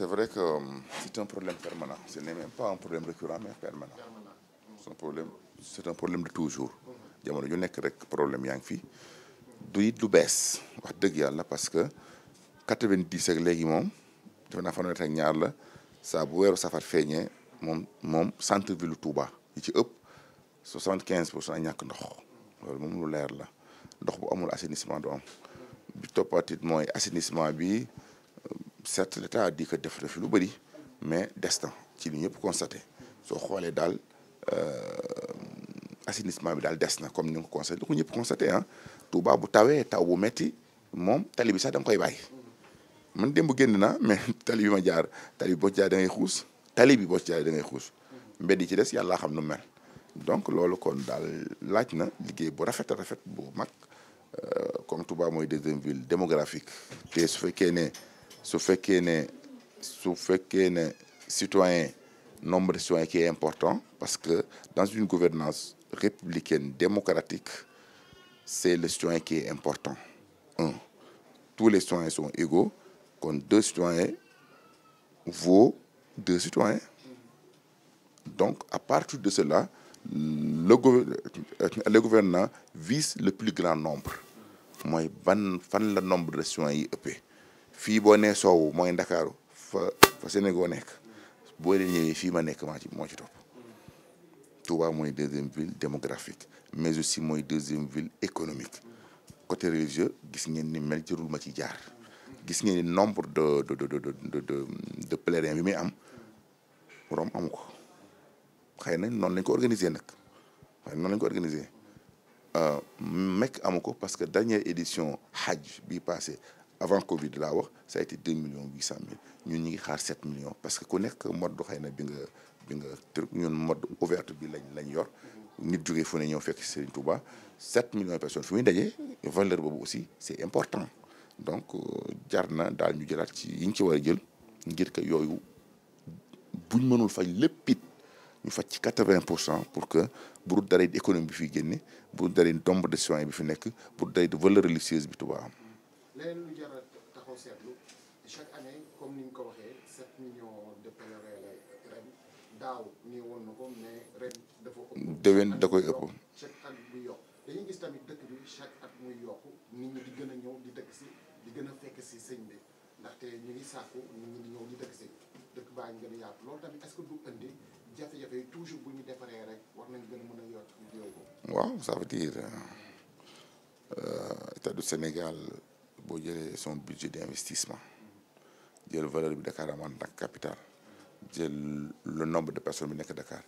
c'est vrai que c'est un problème permanent ce n'est même pas un problème permanent c'est un problème de toujours jamono ju nekk rek problème yaa ngi fi du it du bees wax dëgg yàlla parce que 90 ak léegi moom defe naa fanweer ak ñaar la saa bu weeru safar feeñee moom moom centre ville Touba yi ci ëpp 75 pour cent ñàkk ndox loolu moom lu leer la ndox bu amul assainissement du am bi toppatit mooy assainissement bi certes l'État a dit que def na fi lu bëri mais des na ci li ñëpp constaté soo xoolee daal euh, assainissement bi daal des na comme ni nga ko constaté li ko ñëpp constaté ah bu tawee taw bu metti moom tali bi sax da nga koy bàyyi man démb génn na mais tali bi ma jaar tali boo ci jaar da ngay xuus tali bi boo ci da ngay xuus mbedd yi ci des yàlla xam nu mel donc loolu kon daal laaj na liggéey bu rafet a rafet bu mag euh, comme Touba mooy deuxième ville démographique te su fekkee ne su fekkee ne su fekkee ne citoyen nombre de citoyens qui est important parce que dans une gouvernance républicaine démocratique c'est le citoyen qui est important un tous les citoyens sont égaux kon deux citoyens vaut deux citoyens donc à partir de cela le le gouvernement vise le plus grand nombre mooy ban fan la nombre de citoyens yi ëppee fii boo nee soow mooy ndakaaru fa fa Sénégal nekk boo leen fii ma nekk maa ci moo ci topp Touba mooy deuxième ville démographique mais aussi mooy deuxième ville économique côté religieux gis ngeen ni mel jërul ma ci jaar gis ngeen ni nombre de de de de de bi muy am Rome amu ko xëy na noonu lañ ko organiser nag xëy na noonu lañ ko organiser euh, Mecque amu ko parce que dernière édition hajj bi passé avant Covid laa wax ça a été deux ñun ñu ngi xaar sept millions parce que ku nekk mode xëy na bi nga bi nga ñun mode ouverte bi lañ lañ yor nit jógee fu ne ñëw fekk Serigne Touba sept millions de personnes fu muy dajee valeur boobu aussi c'est important donc euh, jar na daal ñu jëlaat ci yi ci war a jël ngir que yooyu buñ mënul faj lépp it ñu faj ci quatre-vingts pour cent pour que bu dul daree économie bi fi génne bu dul daree de soins bi fi nekk bu dul daree valeur religieuse bi Touba am leneen lu jar a taxaw seetlu chaque année comme ni ñu ko waxee 7 millions de pèlerins lay ren daaw nii woon na ko mais ren dafa ëpp. déwén da koy ëpp. chaque at buy yokk dañuy gis tamit dëkk bi chaque at muy yokk nit ñi di gën a ñëw di dëkk si di gën a fekk si sëñ bi ndaxte ñu ngi sàkku nit ñi di dëkk baa ngi gën a yaatu loolu tamit est que du indi jafe-jafe yi toujours bu ñu defaree rek war nañ gën a mën a yokk yow ko. waaw ça veut dire euh, état du Sénégal. boo jëlee son budget d'investissement jël valeur bi Dakar am en tant capital jël le nombre de personnes bi nekk Dakar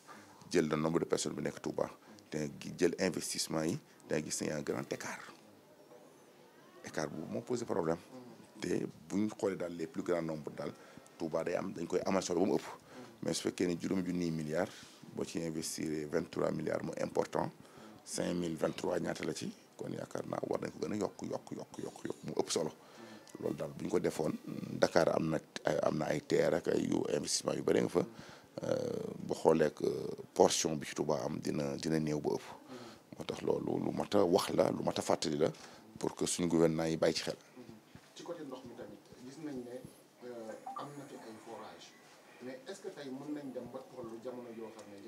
jël le nombre de personnes bi nekk Touba te jël investissement yi da gis ne y a un grand écart écart moo posé problème te bu ñu xoolee daal les plus grands nombre daal Touba day am dañ koy amal solo ba mu ëpp mais su fekkee ni juróom junniy milliards boo ci investir vingt trois milliards mu important cinq mille vingt trois ñaata la ci. kon yaakaar na war nañ ko gën a yokk yokk yokk yokk yokk mu ëpp solo loolu daal bu ñu ko defoon Dakar am na am na ay terre ak yu investissement yu bëri nga fa euh, bu xooleek euh, portion bi ci Touba am dina dina néew ba ëpp. moo tax loolu lu mat wax la lu mat a fàttali la pour que suñ gouvernement yi bay ci xel. ci côté ndox mi tamit gis nañ ne euh, am na fi ay forage mais est-ce que mën nañ dem ba tollu jamono yoo xam ne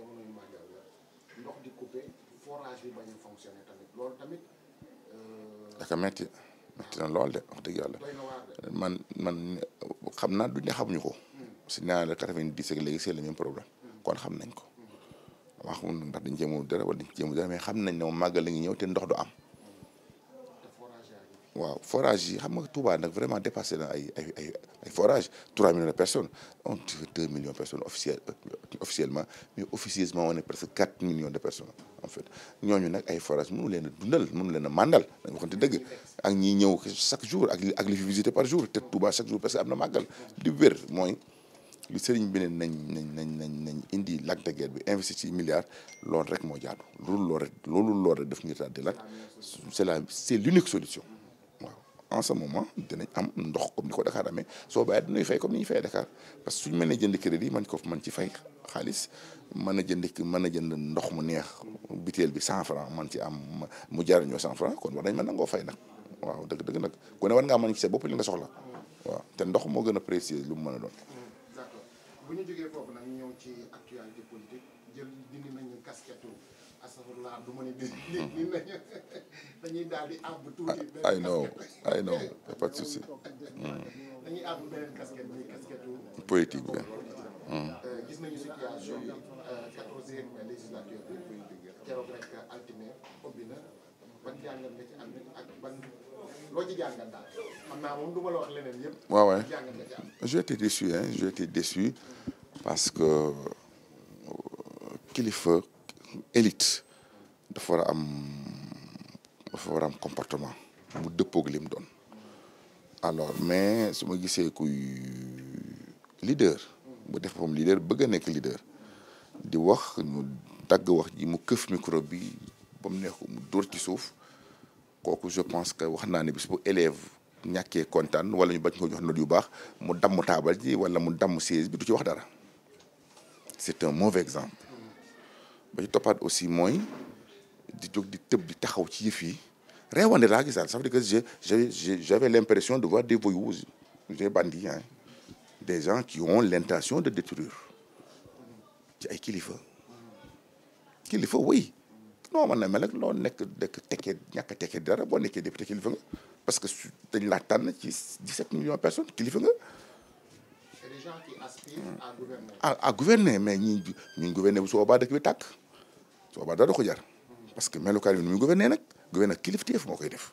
ndox di coupé forage bi bañ a fonctionné tamit loolu tamit. daka metti metti na lool de wax dëgg yàlla man man xam naa duñ ne xamuñu ko. si naa la quatre-vingt-dix ak léegi c'est le même problème kon xam nañ ko. waaw xam ndax dañ jéem dara wala dañ jéem dara xam nañ ne moom màggal la ngi ñëw te ndox du am. waaw forage yi xam nga Touba nag vraiment dépassé na ay ay ay ay forage trois millions de personnes on dirait deux millions de personnes officiel euh, officiellement mais officieusement on presque quatre millions de personnes en fait ñooñu nag ay forage mënu leen a dundal mënu leen a màndal da nga waxante dëgg ak ñi ñëw chaque jour ak ak li fi par jour te Touba chaque jour parce que am na màggal di wér mooy li sëriñ bi ne nañ nañ nañ nañ nañ indi Lac de Guiers bi investi ci milliard loolu rek moo jaadu loolu loolu rek loolu loolu rek daf la c'est l'unique solution en ce moment dinañ am ndox comme ni ko Dakar amee soo bàyyi dinañ fay comme ni ñuy fay Dakar parce que suñ mënee jënd crédit man ko man ci fay xaalis mën a jënd a ndox mu neex biteel bi cent franc man ci am mu jariñoo cent franc kon war nañ mën nangoo fay nag waaw dëgg dëgg nag ku ne war ci sa bopp li nga soxla waaw ndox moo gën a précieux lu mu mën a doon. astafurlah du ma ni li lañu dañuy daal di àbb tuuti. ay non ay non pas de souci. Mhm. bi casquette euh, politique bi. Mhm. Euh, gis nañu bi politique euh, keroog na ban jàngat nga ci daal xam naa moom du wax leneen yëpp. waaw waay été déçu hein j'ai été déçu parce que kilifa. élite dafa war am dafa comportement mu dëppoog lim doon alors mais su ma gisee kuy leader bu def moom leader bëgg a nekk leader di wax ñu dagg wax ji mu këf micro bi ba mu neex mu dóor ci suuf kooku je pense que wax naa ne bis bu élève ñàkkee kontaan wala ñu bañ ko jox note yu baax mu dam taabal ji wala mu damm siège bi du ci wax dara c'est un mauvais exemple ba ci toppaat aussi mooy di jóg di tëb di taxaw ci yëf yi réewande laa gisaat ça veut dire que j' l'impression de voir des voyous des bandits hein des gens qui ont l'intention de détruire ci ay kilifa kilifa oui non man na mel nag loo nekk dëkk tekkee ñàkk a tekkee dara boo nekkee député kilifa nga parce que su la tan na ci 17 millions de personnes kilifa nga. c'est des gouverner. à mais ñi ñu gouverner bu su boobaa dëkk bi tàkk. su boobaa dara ko jar parce que melukaan bi nu muy gouverner nag gouverner kilifteef moo koy def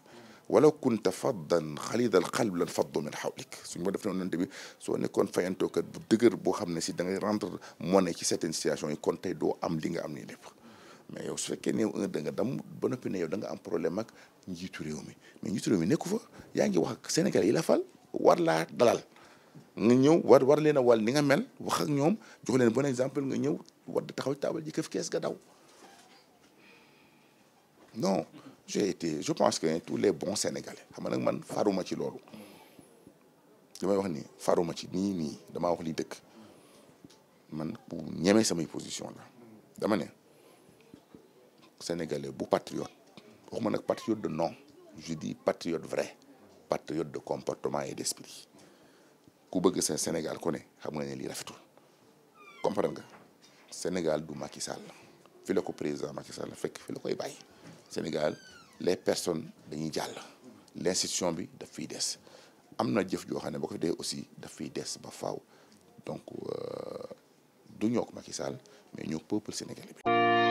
walaw kunta faddan xalida al la lan faddu min hawlik suñu ma def ne nante bi soo nekkoon fayantookat bu dëgër boo xam ne si da ngay rendre monnaie yi kon tey doo li nga am nii lépp mais yow su ne da nga dam ba noppi ne yow da nga am problème ak njiitu réew mi mais njiitu réew mi nekku fa yaa ngi wax ak Sénégal yi la fal war laa dalal nga ñëw war war leen a wal ni nga mel wax ak ñoom jox leen bon exemple nga ñëw war di taxaw taabal ji këf kees ga daw non j'ai été je pense que tous les bon sénégalais xam nga nag man faruma ci loolu li may wax ni faruma ci nii nii damaa wax li dëkk man bu ñemee samay position la dama ne sénégalais bu patriote waxuma nag patriote de nom je dis patriote vrai patriote de comportement et d'esprit ku bëgg sa Sénégal ku ne xam nga ne lii rafetul comprendre nga Sénégal du Macky Sall fi la ko président Macky Sall fekk fi la koy bàyyi Sénégal les personnes dañuy jàll l'institution bi daf fiy des am na jëf joo xam ne boo ko fi dee aussi daf fiy des ba faw donc euh, du ñoo ko Macky Sall mais ñoo peuple sénégalais bi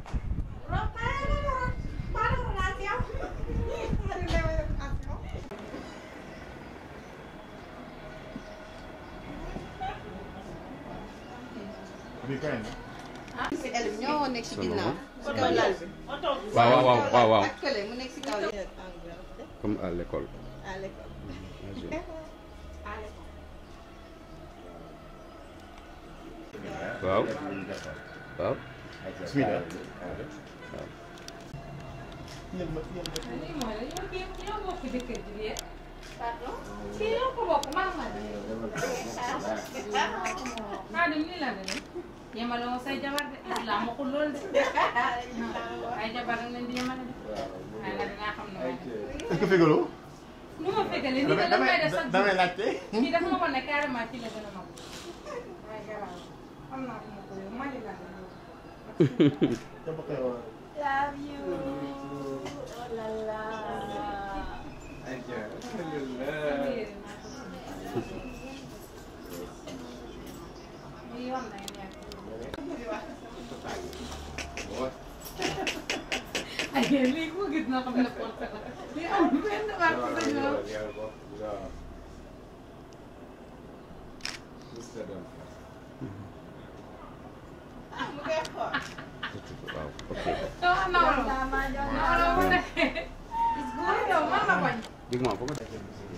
ñoo waaw waaw waaw waaw. waaw. waaw. yemaloo say jabar de islam waxul loolu de ay jabar rek lañ di yemale de. waaw nag dinaa xam ne moom. est-ce nu ma fégalee nii de lan may def sax ji damay laajte. kii dafa ma wan ne la a ma ko ko gis naa xam ne porte la li am benn marque dañoo waaw ok. non non non non non